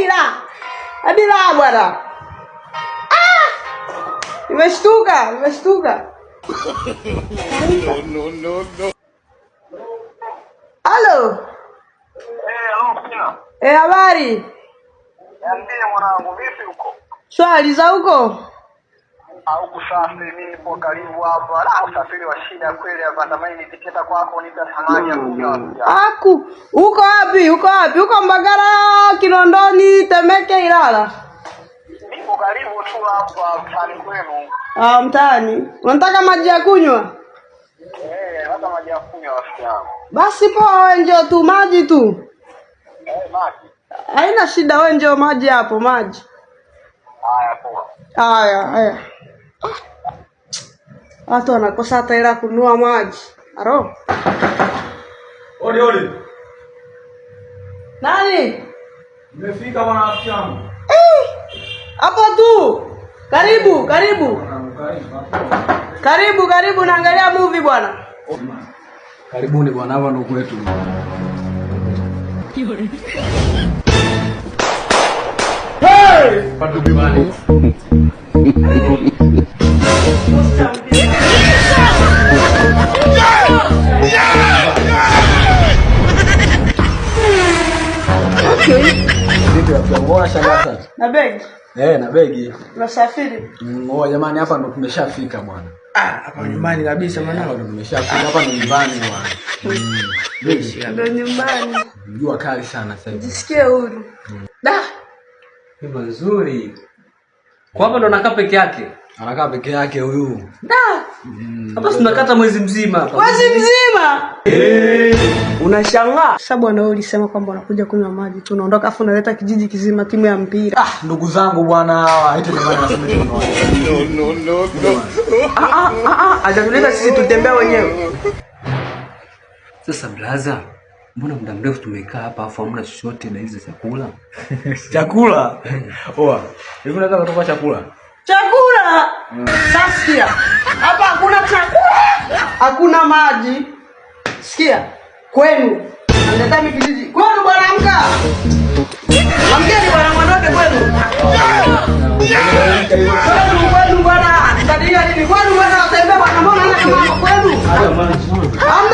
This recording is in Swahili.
hadi la hadi la bwana, ah! nimeshtuka nimeshtuka. No, no, no. Halo. Eh, eh habari? Niambie mwanangu, vipi uko? Shwari za huko? Huku safi, mimi nipo karibu hapa. La, usafiri wa shida kweli hapa, natamani nitiketa kwako unipe samani ya kuja. Aku, uko wapi? Uko wapi? Uko Mbagara? Kinondoni, Temeke, Ilala. Niko karibu tu hapa mtaani kwenu. Ah, mtaani. Unataka maji ya kunywa? Eh, hata maji ya kunywa rafiki yangu. Basi poa, wewe njoo tu maji tu. Eh, maji. Haina shida, wewe njoo maji hapo, maji. Haya poa. Haya, haya. Watu wanakosa hata ila kununua maji. Aro. Odi odi. Nimefika bwana rafiki yangu. Eh! Hapo tu. Karibu, karibu. Karibu, karibu naangalia movie bwana. Karibuni bwana hapa ndo kwetu. Hey! Patu bimani na begi eh, na begi unasafiri mm, Oh jamani, hapa ndo tumeshafika bwana. Ah, hapa nyumbani kabisa bwana, eh, hapa tumeshafika, hapa ni nyumbani bwana, mm, ndo nyumbani. Jua kali sana sasa hivi, jisikie huru. Da, nyumba nzuri. Kwa hapa ndo nakaa peke yake, anakaa peke yake huyu. Da, mm, hapa tunakata mwezi mzima hapa, mwezi mzima eh. Unashangaa sababu ana wewe ulisema kwamba unakuja kunywa maji tu unaondoka, afu unaleta kijiji kizima timu ya mpira. Ah, ndugu zangu bwana hawa eti ndio maana nasema no no no no. Ah ah ah, atatuleta ah, sisi tutembea wenyewe. Sasa blaza, mbona muda mrefu tumekaa hapa afu hamna chochote na hizo chakula? Chakula? Oa. Hivi unataka kutoka chakula? Chakula? Mm. Sasa Hapa hakuna chakula. Hakuna maji. Sikia kwenu Mtetami kijiji kwenu, bwana amka, amkeni bwana mwanote kwenu kwenu kwenu bwana, anatadia nini kwenu bwana, atembea bwana, mbona ana kwenu